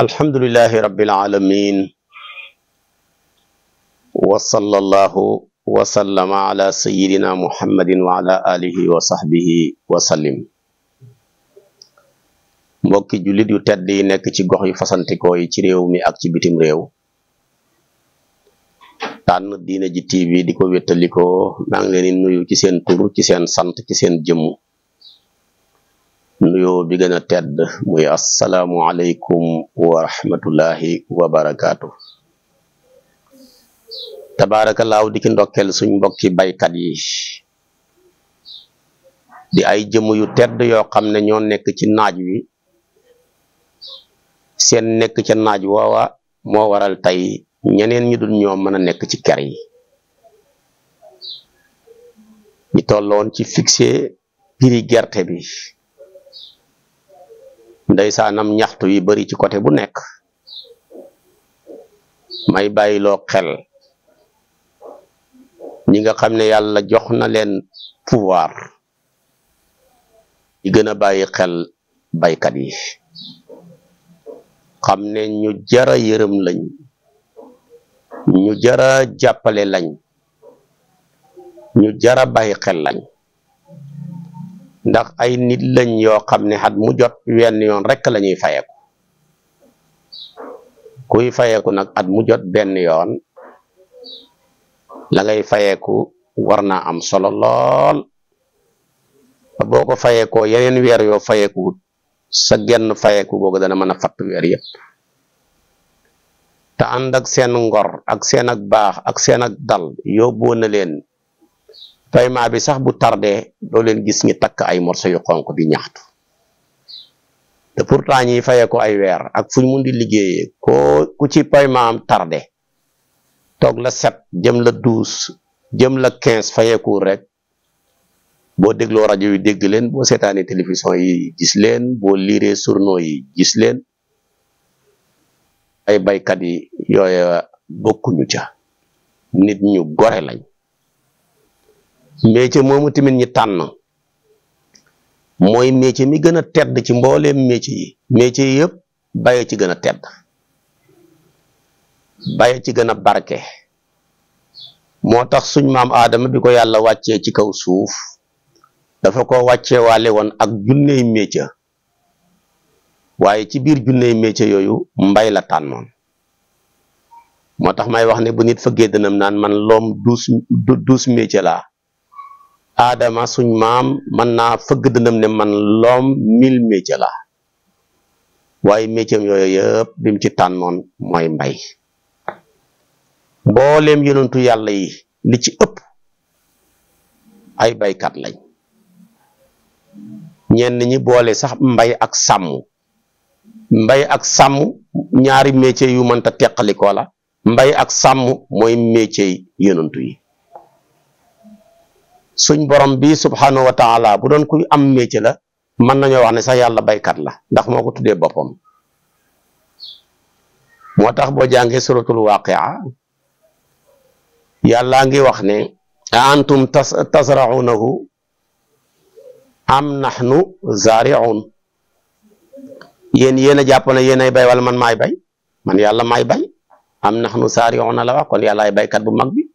alhamdulilahi rabbil alamin wa sallallahu wa sallama ala sayyidina muhammadin wa ala alihi wa sahbihi wa sallim mbokki jullit yu tedd yi nekk ci gox yu fasantikoo yi ci réew mi ak ci bitim réew tànn diine ji tv di ko wéttalikoo maa ngi leen ci seen tur ci seen sant ci seen jëmm nuyoo bi gën a tedd muy asalaamualeykum wa rahmatullahi wa barakaatu. tabaarakallaahu di ki ndokkel suñ mbokki baykat yi di ay jëmm yu tedd yoo xam ne ñoo nekk ci naaj wi seen nekk ca naaj woowa moo waral tey ñeneen ñu dul ñoom mën a nekk ci ker yi ñu tolloon ci fixé prix gerte bi ndeysaanam ñaxtu yi bari ci côté bu nekk may bàyyiloo xel ñi nga xam ne yàlla jox na leen pouvoir yi gën a bàyyi xel baykat yi xam ne ñu jara yërëm lañ ñu jara jàppale lañ ñu jara bàyyi xel lañ ndax ay nit lañ yo xamne ne mu jot wenn yon rek lañuy fayeku kuy fayeku nak at mu jot ben yon la ngay fayeku warna am solo lol boko ko yenen wer yo fayeku sa genn fayeku googu dana mën fat wer weer ta andak sen ngor ak sen ak bax ak sen ak dal yóbboo na paiement bi sax bu tardé doo leen gis ñi takk ay morso yu xonk di ñaxtu te pourtant ñi fayee ko ay weer ak fu ñu mun di liggéeyee ko ku ci paiement am tardé toog la sept jëm la douze jëm la quinze fayeeku rek boo dégloo rajo yi dégg leen boo seetaanee télévision yi gis leen boo liiree journaux yi gis leen ay baykat yi yooya bokkuñu ca nit ñu gore lañ métier moomu tamit ñi tànn mooy métier mi gën a tedd ci mbooleem métier yi métier yi yëpp bàyyi ci gën a tedd bàyyi ci gën a barke moo tax suñ maam aadama bi ko yàlla wàcce ci kaw suuf dafa ko wàccee waale woon ak junney métier waaye ci biir junney métier yooyu mbay la tànnoon moo tax may wax ne bu nit fëggee dënam naan man loom douze douze métier laa adama suñ mam mana na fëgg dëndam ne man lom mil métier la waaye métier yoy yëpp bim mu ci tànnoon moy mbay mbooleem yonentu yalla yi li ci ëpp ay kat lañ ñenn ñi bolé sax mbay ak sàmm mbay ak sàmm ñaari métier yu mënta teqalikoo la mbay ak sàmm moy métier yonentu yi suñ borom bi subhanahu wa bu doon kuy am métier la mën nañoo wax ne sax yàlla baykat la ndax moo ko tuddee boppam moo tax boo jàngee suratul waaqia yàllaa ngi wax ne a antum tas tasraunahu am nahnu zariun yéen yéen a jàpp ne bay wala man maay bay man yàlla maay bay am nahnu zariuna la wax kon yàllaay baykat bu mag bi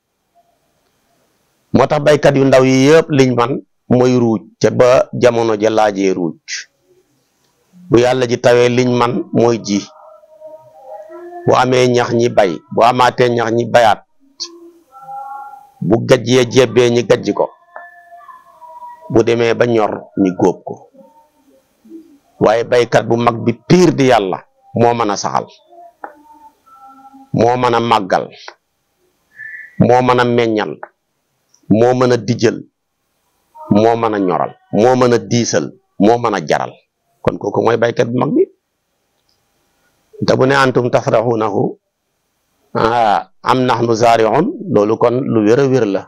motax baykat yu ndaw yi yeb liñ man moy ruuj ca ba jamono ja laaje ruuj bu yalla ji tawé liñ man moy ji bu amé ñax ñi bay bu amaté ñax ñi bayat bu gajje ya jébé ñi gajj ko bu démé ba ñor ñi gop ko waye baykat bu mag bi piir di yalla mo mëna saxal mo mëna magal mo mëna moo mën a dijjal moo mën a ñoral moo mën a diisal moo mën a jaral kon kooku mooy baykat bu mag bi te bu ne antum tafraxunahu ah am nahnu zaariun loolu kon lu wér a wér la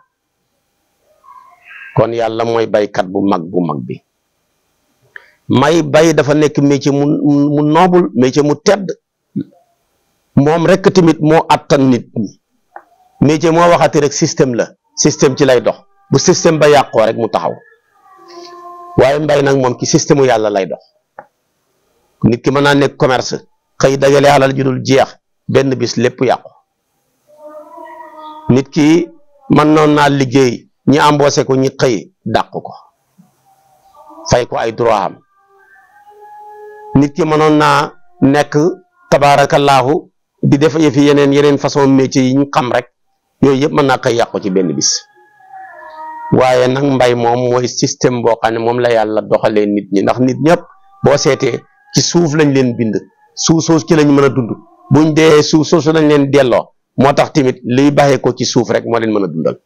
kon yàlla mooy baykat bu mag bu mag bi may bay dafa nekk métier mu mu noobul métier mu tedd moom rek tamit moo attan nit ñi métier moo waxati rek système la système ci lay dox bu système ba yàqoo rek mu taxaw waaye mbay nag moom ci système mu yàlla lay dox nit ki mën naa nekk commerce xëy dajale alal ju dul jeex benn bis lépp yàqu nit ki mën noon naa liggéey ñi embauché ko ñi xëy dàq ko fay ko ay droit am nit ki mënoon naa nekk tabaarakallaahu di def yëfi yeneen yeneen façon métier yi ñu xam rek yooyu yëpp ma naa koy yàqu ci benn bis waaye nag mbay moom mooy système boo xam ne moom la yàlla doxalee nit ñi ndax nit ñëpp boo seetee ci suuf lañ leen bind suuf soosu ci lañ mën a dund buñ dee suuf soosu lañ leen delloo moo tax tamit liy bàyyee ko ci suuf rek moo leen mën a dundal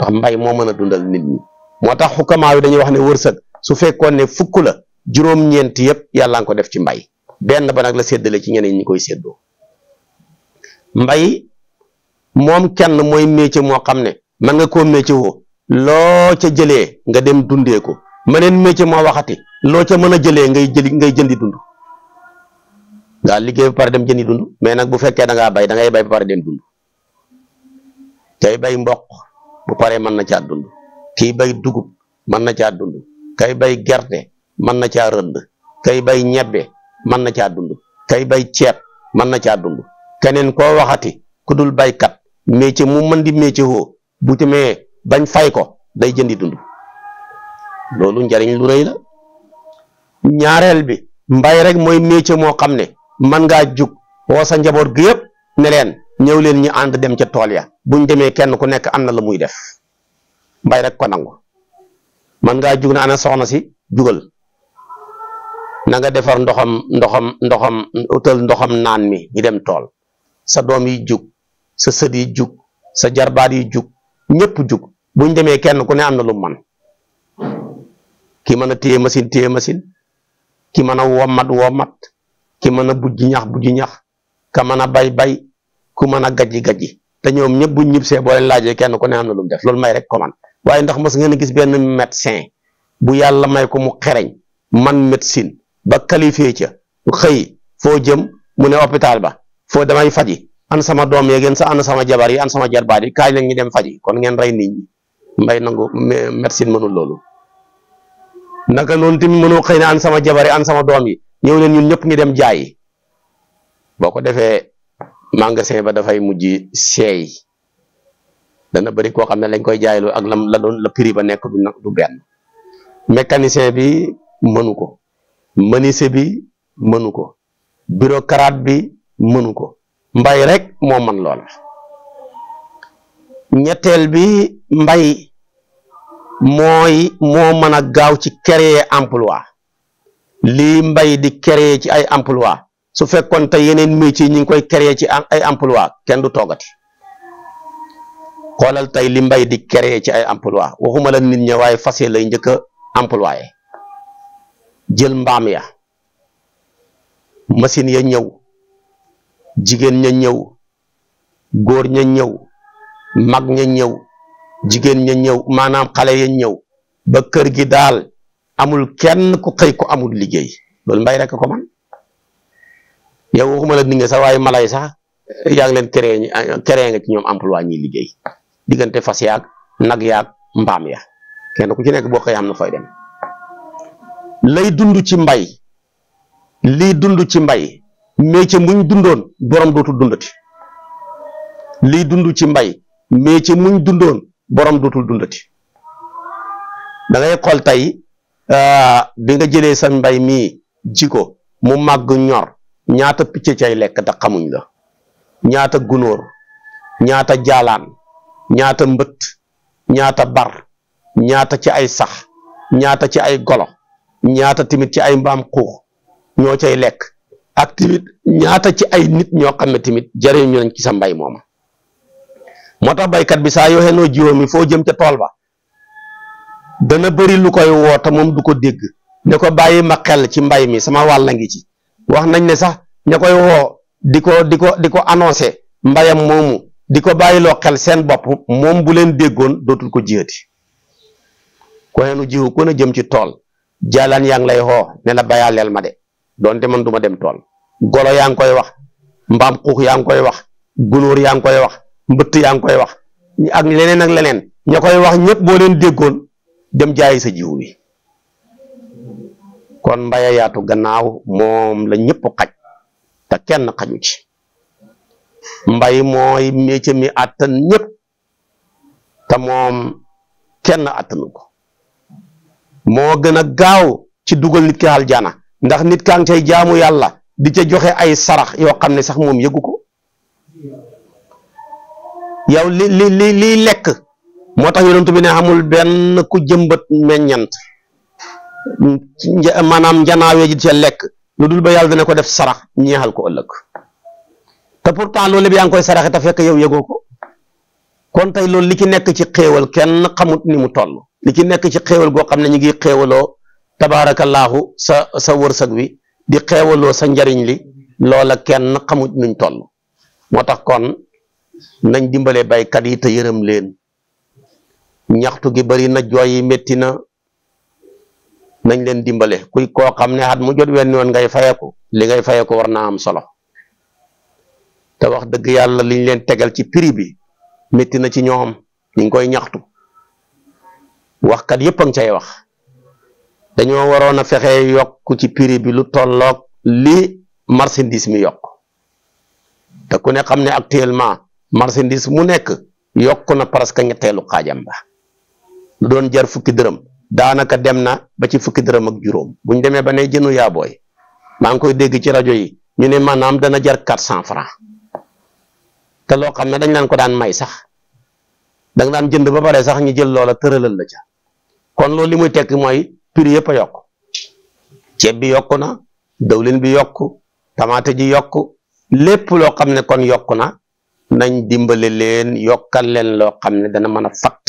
ndax mbay moo mën a dundal nit ñi moo tax xukamaa yi dañuy wax ne wërsëg su fekkoon ne fukk la juróom-ñeent yëpp yàlla nga ko def ci mbay benn ba nag la séddale ci ñeneen ñu koy séddoo mbay moom kenn mooy métier moo xam ne man nga koo métier woo loo ca jëlee nga dem dundee ko maneen métier moo waxati loo ca mën a jëlee ngay jëli ngay jëndi dund nga liggéey ba pare dem jëndi dund mais nag bu fekkee da ngaa bay da bay ba pare dem dund kay bay mboq bu paree mën na caa dund kii bay dugub mën na caa dund kay bay gerte mën na caa rënd kay bay ñebbe mën na caa dund kay bay ceeb mën na caa dund keneen ko waxati ku dul baykat métier mu mën di métier woo bu jëmee bañ fay ko day jëndi dund loolu njariñ lu rëy la ñaareel bi mbay rek mooy métier moo xam ne mën ngaa jug woo sa njaboot gi yëpp ne leen ñëw leen ñu ànd dem ca tool ya buñ demee kenn ku nekk am na la muy def mbay rek ko nangu mën ngaa jug na ana soxna si jugal nanga defar ndoxam ndoxam ndoxam utal ndoxam naan mi ñu dem tool sa doom yi jug sa sët yi jug sa jarbaat yi jug ñëpp jug buñ demee kenn ku ne am na lu man ki mën a téye machine téye machine ki mën a womat womat ki mën a bujji ñax bujji ñax ka mën a bay bay ku mën a gajji gajji te ñoom ñëpp bu ñibbisee see boo laajee kenn ku ne am na lu def loolu may rek ko man waaye ndax mas ngeen gis benn médecin bu yàlla may ko mu xereñ man médecine ba qualifié ca xëy foo jëm mu ne hôpital ba foo damay faji an sama doom yeeg sa an sama jabar an sama jabari, yi la dem faji kon ngeen ray nit ñi mbay nangu medicine mënul lolu naka non tim mënu xeyna an sama jabar an sama dom yi ñew leen ñun ñep ngi dem jai. boko defé defee magasin ba fay mujjii sey dana bëri koo xam ne lañ koy lu ak lam la doon le prix ba nek du du ben mécanicien bi mënu ko bi mënu bureaucrate bi mënu mbay rek moo man lool ñetteel bi mbay mooy moo mën a gaaw ci créer emploi lii mbay di créer ci ay emploi su fekkoon te yeneen métier ñi ngi koy créer ci ay emploi kenn du toogati xoolal tey li mbay di créer ci ay emploi waxuma la nit ñi waaye fas lay njëkk a employé jël mbaam ya machine ya ñëw jigéen ña ñëw góor ña ñëw mag ña ñëw jigéen ña ñëw maanaam xale ya ñëw ba kër gi daal amul kenn ku xëy ku amul liggéey loolu mbay rek ko man yow waxuma la ni sax waaye malay sax yaa ngi leen créé créé nga ci ñoom emploi ñuy liggéey diggante fas yaag nag yaag mbaam ya kenn ku ci nekk boo xëy am na fooy dem lay dund ci mbay lii dund ci mbay métier muñ dundoon borom dootul dundati liy dund ci mbay métier muñ dundoon borom dootul dundati da ngay xool tey ah, bi nga jëlee sa mbay mii ji ko mu màgg ñor ñaata picc cay lekk te xamuñ la ñaata gunóor ñaata jaalaan ñaata mbët ñaata bar ñaata ci ay sax ñaata ci ay golo ñaata tamit ci ay mbaam xuux ñoo cay lekk ak nyata ñaata ci ay nit ñoo xam timit tamit ñu nañ ci sa mbay moma moo bay kat bi sa mi fo jëm ci tol ba dana bari lu koy woota moom du ko deg ne ko baye ma xel ci mbay mi sama la ngi ci wax nañ ne sax ñakoy wo diko diko diko annoncer mbayam momu diko baye lo xel sen bop mom bu len déggoon dotul ko jiyati ko xenu jiwo ko na jëm ci tol jalan yang lay ho ne la bayalel ma de donte man du dem tool golo yaa ngi koy wax mbaam xuux yaa koy wax gunóor yaa ngi koy wax mbëtt yaa ngi koy wax ak leneen ak leneen ña koy wax ñëpp boo leen déggoon dem jaayi sa jiw bi kon mbaya yaatu gannaaw moom la ñëpp xaj te kenn xaju ci mbay mooy métier mi àttan ñëpp te moom kenn àttanu moo gën a gaaw ci dugal nit ki aljana ndax nit kaa ngi cay jaamu yàlla di ca joxe ay sarax yoo xam ne sax moom yëgu ko yow li li li lekk moo tax yonent bi ne amul benn ku jëmbat meññant maanaam njanaawee ji ca lekk lu dul ba yàlla dana ko def sarax ñeexal ko ëllëg te pourtant loolu bi yaa ngi koy saraxe te fekk yow yëgoo ko kon tey loolu li ci nekk ci xéewal kenn xamut ni mu toll li ci nekk ci xéewal goo xam ne ñu ngi xéewaloo tabaarakallaahu sa sa wërsëg wi di xeewaloo sa njariñ li loola kenn xamut nuñ toll moo tax kon nañ dimbale baykat yi te yërëm leen ñaxtu gi bari na jooy yi métti na nañ leen dimbale kuy koo xam ne at mu jot wenn yoon ngay fayeku li ngay ko war naa am solo te wax dëgg yàlla liñ leen tegal ci piri bi métti na ci ñoom ñu ngi koy ñaxtu waxkat yépp a ngi cay wax dañoo waroon a fexe yokk ci prix bi lu tolloog li marchandise mi yokk te ku ne xam ne actuellement marchandise mu nekk yokk na presque ñetteelu xaajam ba lu doon jar fukki dërëm daanaka dem na ba ci fukki dërëm ak juróom buñ demee ba ne jënu yaa booy maa ngi koy dégg ci rajo yi ñu ne maanaam dana jar 400 francs te loo xam ne dañ leen ko daan may sax da nga daan jënd ba pare sax ñu jël loola tëralal la ca kon loolu li muy prix yëpp a yokk ceeb bi yokku na dawlin bi yokk tamaate ji yokk lépp loo xam ne kon yokk na nañ dimbale leen yokkal leen loo xam ne dana mën a fatt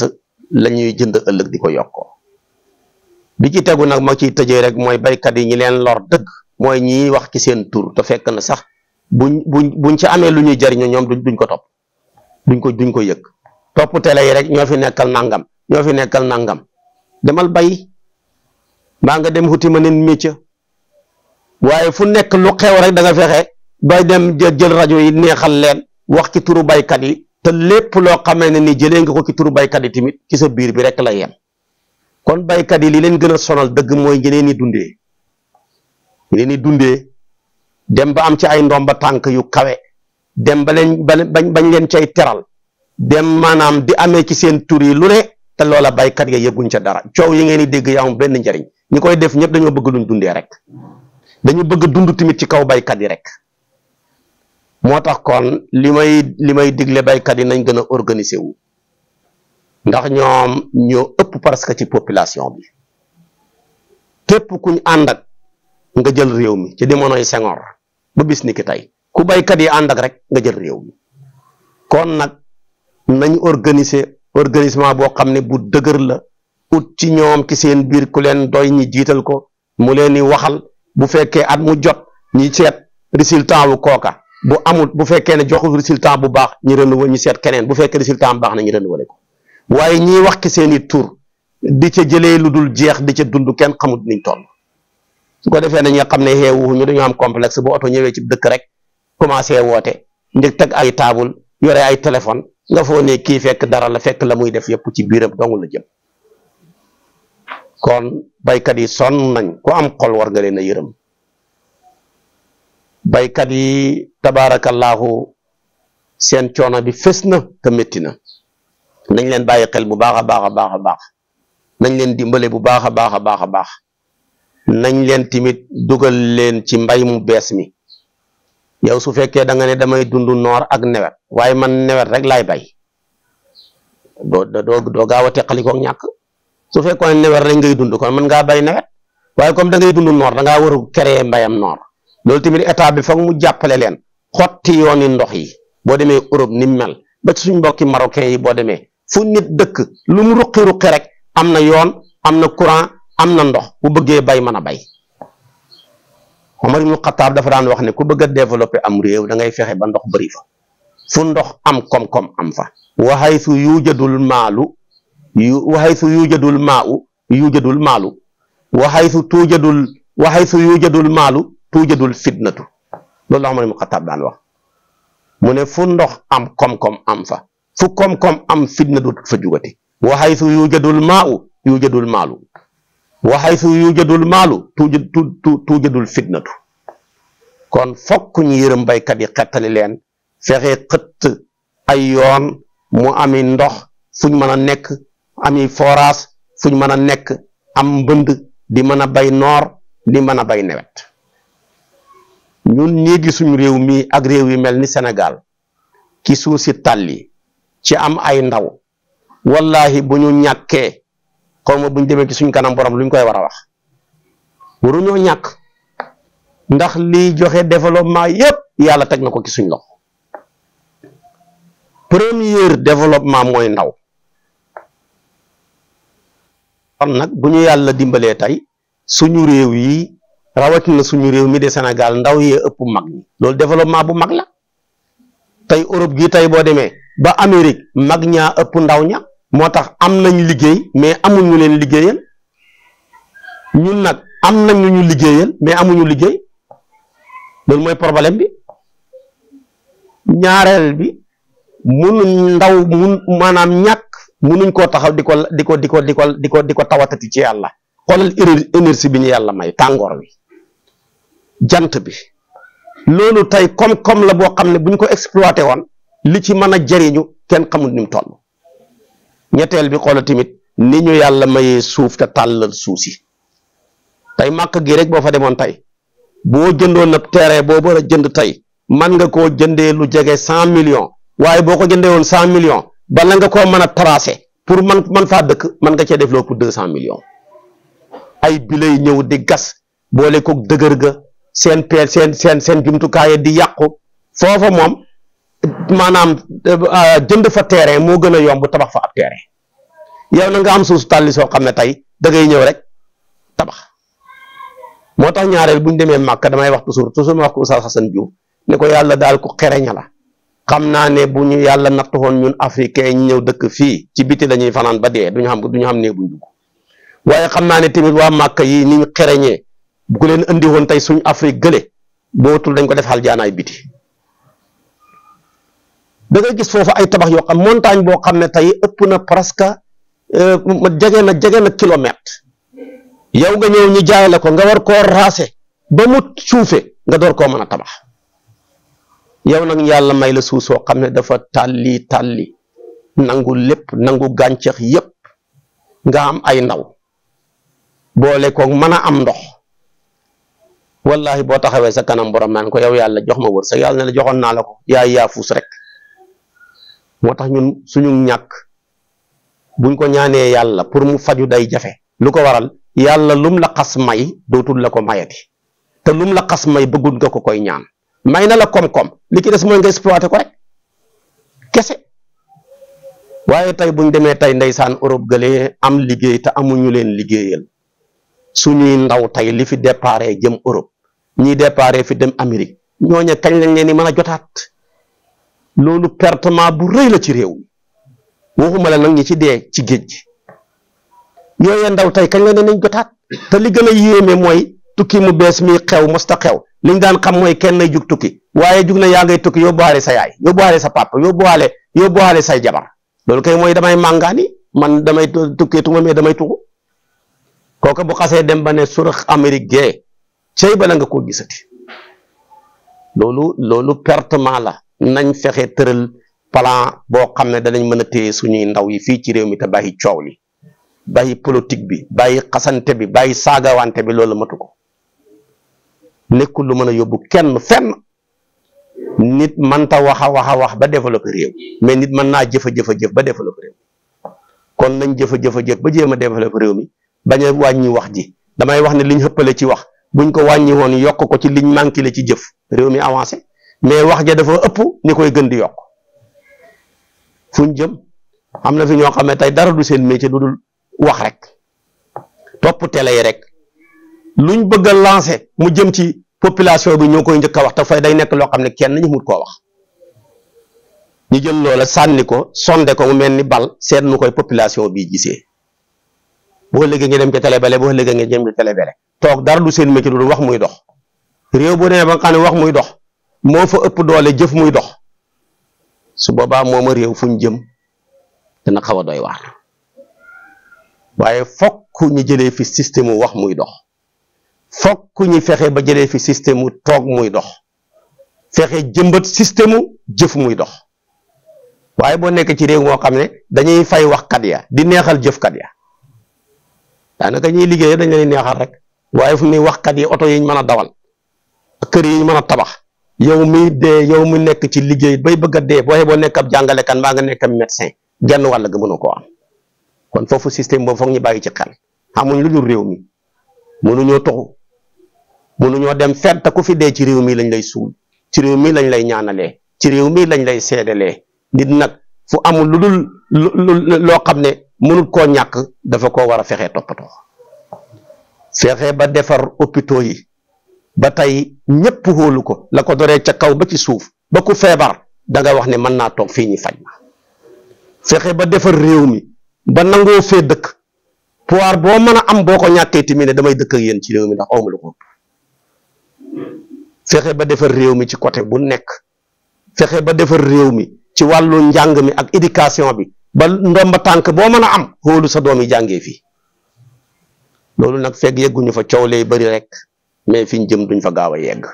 lañuy ñuy jënd ëllëg di ko yokkoo bi ci tegu nag ma ciy tëjee rek mooy baykat yi ñi leen lor dëgg mooy ñiy wax ki seen tur te fekk na sax buñ buñ buñ ci amee lu ñuy jariñoo ñoom duñ duñ ko topp duñ ko duñ ko yëg topp télé rek ñoo fi nekkal nangam ñoo fi nekkal nangam bay Mangga nga dem huti manen metia waye fu nek lu xew rek da nga fexé bay dem jël radio yi neexal len wax ci turu kat yi te lepp lo xamé ni jëlé nga ko ci turu kat yi timit ci sa biir bi rek la yem kon kat yi li len gëna sonal deug moy ñi ni dundé ni ni dundé dem ba am ci ay ndomba tank yu kawe dem ba len bañ bañ leen cay dem manam di amé ci sen tur yi lu ne te bay kat ya yeguñ ca dara ciow yi ngeen di deg yaam njariñ ni koy def ñep dañoo bëgg luñ dundé rek dañu bëgg dundu timit ci kaw baykat yi rek motax kon limay limay diglé bay digle yi nañ gëna organiser wu ndax ñoom ño ëpp presque ci population bi képp kuñ andak nga jël réew mi ci yi Senghor bu bis niki tay ku baykat yi andak rek nga jël réew mi kon nak nañ organiser organisation bo xamné bu dëgër la ut ci ñoom ki seen biir ku leen doy ñi jiital ko mu leen di waxal bu fekkee at mu jot ñi seet résultat wu kooka bu amul bu fekkee ne joxul résultat bu baax ñu renouveler ñu seet keneen bu fekkee résultat bu baax na ñu renouveler ko waaye ñiy wax ki seen i tur di ca jëlee lu dul jeex di ca dund kenn xamut niñ toll su ko defee dañuy xam ne xeewu ñu dañoo am complexe bu oto ñëwee ci dëkk rek commencé woote njëkk teg ay taabul yore ay téléphone nga foo ne kii fekk dara la fekk la muy def yëpp ci biiram dong la kon baykat yi son nañ ku am xol war nga leen a yërëm baykat yi tabaarakallaahu seen coono bi fës na te metti na nañ leen bàyyi xel bu baax a baax a baax a baax nañ leen dimbale bu baax a baax a baax a baax nañ leen timit dugal leen ci mbay mu bees mi yow su fekkee da nga ne damay dund noor ak newet waaye man newet rek laay bay do do do gaaw a teqali su fekkoon ne weer rek ngay dund kon mën ngaa bay nawet waaye comme dangay ngay dund noor da ngaa war a créer noor loolu tamit état bi foog mu jàppale leen xotti yooni ndox yi boo demee Europe ni mel ba ci suñ mbokki marocain yi boo demee fu nit dëkk lu mu ruqi ruqi rek am na yoon am na courant am na ndox bu bëggee bay mën a bay Omar ibnu Xataab dafa daan wax ne ku bëgg a développer am réew fexe ba ndox bëri fa fu ndox am koom-koom am fa wa haythu yujadul maalu yu waxaytu yujadul maa'u yujadul maalu waxaytu tuujadul waxaytu yujadul maalu tuujadul fitnatu loolu la xam ne mu xataab daan wax mu ne fu ndox am koom-koom am fa fu koom-koom am fitna du fa jugati waxaytu yujadul maa'u yujadul maalu waxaytu yujadul maalu tuujadul fitnatu kon fokk ñu yërëm baykat yi xettali leen fexe xëtt ay yoon mu ami ndox fuñ mën a nekk ami forage fu ñu mën a nekk am mbënd di mën a bay noor di mën a bay nawet ñun ñii gi suñu réew mii ak réew yi mel ni Sénégal ki suuf si tàlli ci am ay ndaw wallahi bu ñu ñàkkee kom ma bu ñu demee ci suñ kanam borom lu koy war a wax waruñoo ñàkk ndax liy joxe développement yépp yàlla teg na ko ci suñ loxo premier développement mooy ndaw kon nag bu ñu yàlla dimbalee tey suñu réew yi rawatina suñu réew mi de Sénégal ndaw yee ëpp mag ñi loolu développement bu mag la tey Europe gi tey boo demee ba Amérique mag ñaa ëpp ndaw ña moo tax am nañ liggéey mais amuñu leen liggéeyal ñun nag am nañ ñu liggéeyal mais amuñu liggéey loolu mooy problème bi ñaareel bi mun ndaw mun maanaam ñàkk munuñ koo taxaw di ko di ko di ko di ko di ko di ko tawatati ci yàlla xoolal énergie bi ñu yàlla may tàngoor bi jant bi loolu tey koom-koom la boo xam ne bu ñu ko exploité woon li ci mën a jëriñu kenn xamul ni mu ñetteel bi xoolal tamit ni ñu yàlla mayee suuf te tàllal suuf si tey màkk gi rek boo fa demoon tey boo jëndoon ab terrain boo war a jënd tey man nga koo jëndee lu jege cent million waaye boo ko jëndee woon cent millions bala nga koo mën a tracer pour man man faa dëkk man nga cee def loo pour deux cent millions ay bilay ñëw di gas boole ko dëgër ga seen peel seen seen seen jumtukaay di yàqu foofa moom maanaam euh, euh, jënd fa terrain moo gën a yomb tabax fa ab terrain yow na nga am suus tàlli soo xam ne tey da ngay ñëw rek tabax moo tax ñaareel bu demee màkk damay wax toujours toujours ma wax ko Oustaz Hassan ne ko yàlla daal ko xereña la xam naa ne bu ñu yàlla nattoon ñun africain ñi ñëw dëkk fii ci biti la ñuy fanaan ba dee duñu xam duñu xam ne buñ dugg waaye xam naa ne tamit waa màkk yi ni ñu xereñee bu ko leen indi woon tey suñ Afrique gële bootul dañ ko def xal jaanaay biti da ngay gis foofu ay tabax yoo xam montagne boo xam ne tey ëpp na presque euh, jege na jege na kilomètre yow nga ñëw ñu jaay ko nga war koo raase ba mu suufe nga door koo mën a tabax yow nag yàlla may la suuf soo xam ne dafa tàlli tàlli nangu lépp nangu gàncax yëpp nga am ay ndaw boole ko mën a am ndox wallahi boo taxawee sa kanam borom naan ko yow yàlla jox ma wërsëg yàlla ne la joxoon naa la ko yaay yaafuus rek moo tax ñun suñu ñàkk buñ ko ñaanee yàlla pour mu faju day jafe lu ko waral yàlla lum la xas may dootul la ko mayati te lum la xas may bëggul nga ko koy ñaan may na la koom-koom li ci des mooy nga exploité ko rek kese waaye tey buñ demee tey ndeysaan Europe gëlee am liggéey te amuñu leen liggéeyal suñuy ndaw tey li fi déparé jëm Europe ñii déparé fi dem Amérique ñooñu kañ lañ leen di mën a jotaat loolu pertement bu rëy la ci réew mi waxuma la nag ñi ci dee ci géej gi yooyee ndaw tey kañ la ne nañ jotaat te li gën a yéeme mooy tukki mu bees mi xew mosta xew liñ daan xam mooy kenn nay jug tukki waaye jug na yaa ngay tukki yóbbuwaale sa yaay yóbbuwaale sa papa yóbbuwaale yóbbuwaale say jabar loolu kay mooy damay màngaani man damay tukkeetuma mais damay tuxu kooka bu xasee dem ba ne surax Amérique gee cey bala nga koo gisati loolu loolu pertement la nañ fexe tëral plan boo xam ne danañ mën a téye suñuy ndaw yi fii ci réew mi te bàyyi coow li bàyyi politique bi bàyyi xasante bi bàyyi saagawante bi loolu matu ko nekkul lu mën a yóbbu kenn fenn nit manta wax wax wax ba développé réew mais nit mën naa jëf a jëf ba développé réew kon nañ jëf a ba jéem a développé réew mi bañ a wàññi wax ji damay wax ne liñ xëppale ci wax buñ ko wàññi woon yokk ko ci liñ manqué le ci jëf réew mi avancé mais wax ja dafa ëpp ni koy gën di yokk fuñ jëm am na fi ñoo xam ne tey dara du seen métier lu dul wax rek topp télé yi rek luñ bëgg a lancé mu jëm ci population bi ñoo koy njëkk a wax te fay day nekk loo xam ne kenn ñu mut koo wax ñu jël loola sànni ko sonde ko mu mel ni bal seet mu koy population bi gisee boo léegi nga dem ci télé bale boo léegi nga dem ci télé toog dara du seen métier lu wax muy dox réew bu nee ba nga xam ne wax muy dox moo fa ëpp doole jëf muy dox su boobaa mooma réew fu ñu jëm dana xaw a doy waar waaye fokk ñu jëlee fi système wax muy dox fokk ñi fexé ba jëlé fi système tok muy dox fexé jëmbat système jëf muy dox waye bo nek ci réew mo xamné dañuy fay wax kat ya di neexal jëf kat ya naka ñi liggéey dañ lay neexal rek waye fu muy wax kat yi auto yi tabah? a dawal kër yi mën tabax yow mi dé yow mi nek ci liggéey bay bëgg dé bo boo boo nekk ab kan ba nga nek ab médecin genn wal ga mënu ko am kon fofu système bo fokk ñi bayyi ci xel amuñ lu dul réew mi ñoo toxu mënuñoo dem fenn te ku fi dee ci réew mi lañ lay suul ci réew mii lañ lay ñaanalee ci réew mii lañ lay seedalee nit nag fu amul lu dul loo xam ne mënul koo ñàkk dafa ko war a fexe toppatoo fexe ba defar hôpitaux yi ba tey ñëpp ko la ko doree ca kaw ba ci suuf ba ku feebar da wax ne mën naa toog fii ñi faj fexe ba defar réew mi ba nangoo fee dëkk pouvoir boo mën a am boo ko ñàkkee tamit ne damay dëkk ak yéen ci réew mi ndax awma lu ko fexe ba defar réew mi ci côté bu nekk fexe ba defar réew mi ci wàllu njàng mi ak éducation bi ba ndomba tànk boo mën a am xoolu sa doom yi jàngee fii loolu nag fekk yegguñu fa coow lay bari rek mais fi ñu jëm duñ fa gaaw a yegg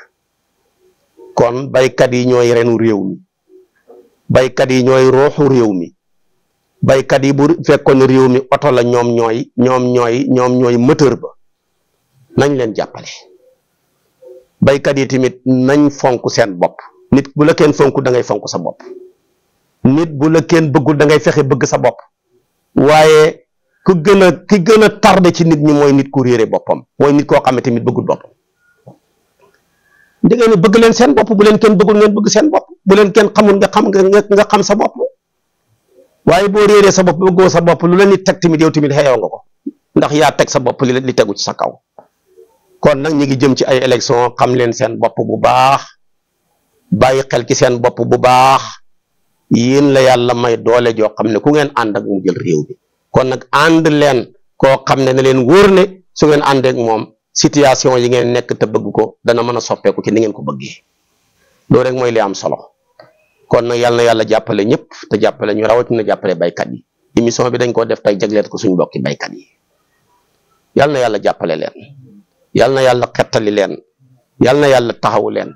kon baykat yi ñooy renu réew mi baykat yi ñooy rooxu réew mi baykat yi bu fekkoon réew mi oto la ñoom ñooy ñoom ñooy ñoom ñooy moteur ba nañ leen jàppale baykat yi timit nañ fonku sen bop nit bu la ken fonku da ngay fonku sa bop nit bu la ken bëggul da ngay fexé bëgg sa bop wayé ku gëna ki gëna tardé ci nit ñi moy nit ku réré bopam moy nit ko xamé timit tamit bop boppam da ngeen ne bëgg leen seen bopp bu leen ken bëggul ngeen bëgg sen bop bu leen ken xamul nga xam nga xam sa bop waaye bo réré sa bop bëggoo sa bop lu leen di teg timit yow timit xeyoo nga ko ndax ya tek sa bop li li tegu ci sa kaw kon nag ñu ngi jëm ci ay élection xam leen seen bopp bu baax bàyyi xel ci seen bopp bu baax yéen la yàlla may doole joo xam ne ku ngeen ànd ak mu jël réew bi kon nag ànd leen koo xam ne na leen wóor ne su ngeen ànd moom situation yi ngeen nekk te bëgg ko dana mën a soppeeku ki ni ngeen ko bëggee loolu rek mooy li am solo kon nag yàlla yàlla jàppale ñëpp te jàppale ñu rawatina jàppale baykat yi émission bi dañ koo def tey jagleel ko suñu mbokki baykat yi yàlla na yàlla jàppale leen yalna yalla yàlla xettali leen yal na yàlla taxawu leen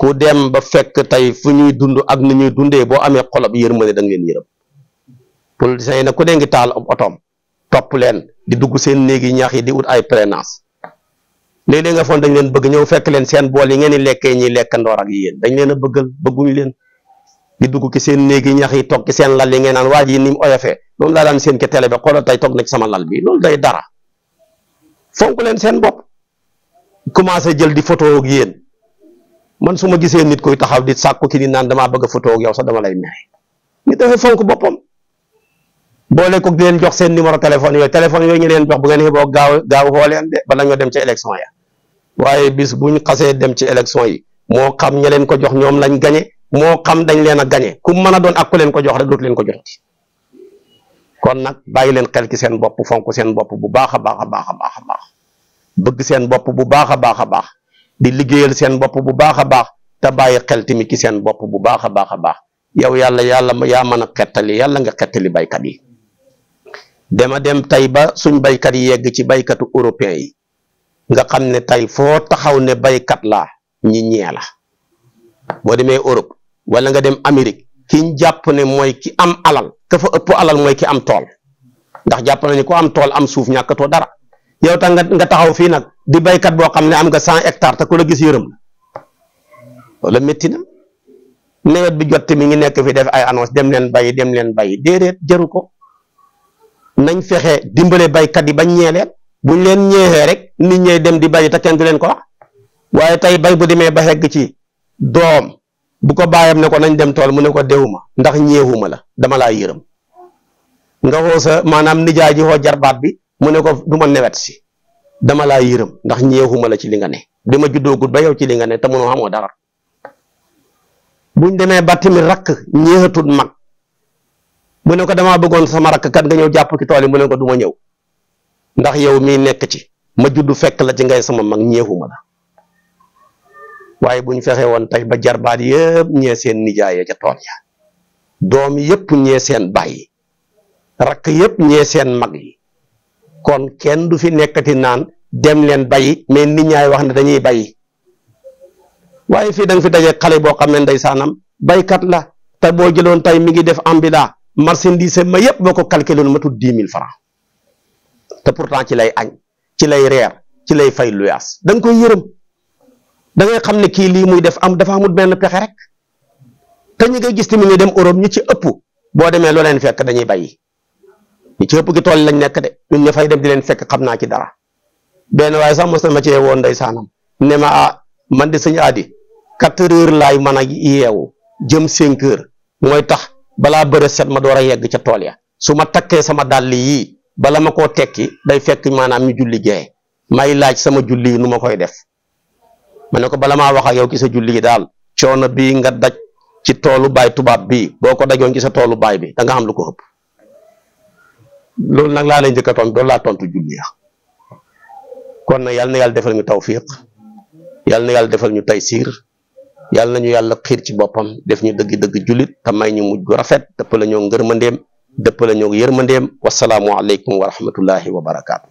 ku dem ba fekk tay fuñuy dundu ak ni dundé bo amé amee xolab yërmande da nga leen yërëm politiciens na ku dengi ngi taal ab otoom topp leen di dugg sen neegi ñax yi di ut ay prenance léeg-léeg nga fon dañ leen bëgg ñew fekk leen seen bool yi ngeen di ñi lekk ndor ak yeen dañ leena bëggal bëgguñu leen di dugg ki seen neegi ñax yi tok ci seen lal yi ngeen naan waaji ni mu loolu la daan seen ke télé bi xolal tay tok na sama lal bi loolu day dara fonku leen seen bopp commencé jël di photo ak yeen man suma gisé nit koy taxaw di sakku ki ni nan dama bëgg photo ak yow sax dama lay may ni dafa fonk boppam boole ko di jox sen numéro téléphone yoy téléphone yoy ñi leen jox bu ngeen xiboo gaaw gaaw ho leen de ba ñoo dem ci élection ya waaye bis buñ xasee dem ci élection yi mo xam ña leen ko jox ñom lañ gagné mo xam dañ leen a gañe ku mëna doon ak ku leen ko jox rek dootu leen ko jox kon nak bayi leen xel ci seen bop fonk seen bop bu baaxa baaxa baaxa baaxa baax baax bëgg seen bopp bu baaxa baaxa baax di liggéeyal seen bopp bu baaxa baax ta bàyyi xel timi ci seen bopp bu baaxa baaxa baax yow yàlla yàlla yaa mën a xettali yàlla nga xettali baykat yi dema dem tey ba suñ baykat yi yegg ci baykatu européen yi nga xam ne tey taxaw ne baykat laa ñi ñee la boo demee Europe wala nga dem Amérique ki jàpp ne mooy ki am alal ka fa ëpp alal mooy ki am tol, ndax jàpp nañu ko am tol am suuf ñàkkatoo dara yow tam nga taxaw fii nag di baykat boo xam ne am nga cent hectares te ku la gis yërëm wala métti na nawet bi jot mi ngi nekk fi def ay annonce dem leen bay dem leen bay déedéet jaru ko nañ fexe dimbale baykat yi bañ ñee leen buñ leen ñeexee rek nit ñee dem di bay te kenn du leen ko wax waaye tey bay bu demee ba xegg ci doom bu ko bàyyam ne ko nañ dem tool mu ne ko dewuma ndax ñeexuma la dama laa yërëm nga xoo maanaam nijaay ji xoo jarbaat bi mu ne ko duma newet ci dama la yërëm ndax ñeewuma la ci li nga ne dama gud ba yow ci li nga ne ta mënu xamoo dara buñ démé ba tamit rakk ñeexatul mag mu ne ko dama bëggoon sama rak kat nga ñew japp ci tooli yi mu ne ko duma ñew ndax yow mi nekk ci ma juddu fekk la ci ngay sama mak ñeewuma la waye buñ fexé won tay ba jarbaat yëpp ñe seen nijaaye ya ci tool ya doom yëpp ñe seen bàyyi rak yëpp ñe seen mag yi kon kenn du fi nekkati naan dem leen bayi mais nit ñaay wax na dañuy bay waaye fii da fi daje xale boo xam ne ndeysaanam baykat la te boo jëloon tey mi ngi def ambila marchandise ma yëpp boo ko calculé woon matul dix mille francs te pourtant ci lay añ ci lay reer ci lay fay luyaas da nga koy yërëm dangay xam ne kii lii muy def am dafa amut benn pexe rek te ñi ngay gis tamit ñu dem Europe ñu ci ëpp boo demee loo leen fekk dañuy bay ni ci ëpp gi toll lañ nekk de ñun ñafay dem di leen fekk ci dara benn waaye sax mos na ma ci yewoo day ne ma ah man di sëñ adi quatre heures laay mën a yeewu jëm cinq heures mooy tax balaa bëre set ma door a yegg ca tool ya su ma takkee sama dàll yii bala ma koo tekki day fekk maanaam ñu julli may laaj sama julli nu koy def ma ne ko bala maa wax ak yow ki sa julli yi daal coono bii nga daj ci toolu baay tubaab bii boo ko ci sa toolu baay bi da nga am lu ko ëpp loolu nag laa lay njëkk a tontu loolu laa tontu julli ya kon na yal na yàlla defal ñu tawfiq yal na yàlla defal ñu taysiir yal na ñu yàlla xiir ci boppam def ñu dëgg-dëgg jullit tam may ñu mujj gu rafet dëpp la ñoo ngërmandeem dëpp la ñoo yërmandeem wasalaamu aleykum wa rahmatullahi wa barakaatu.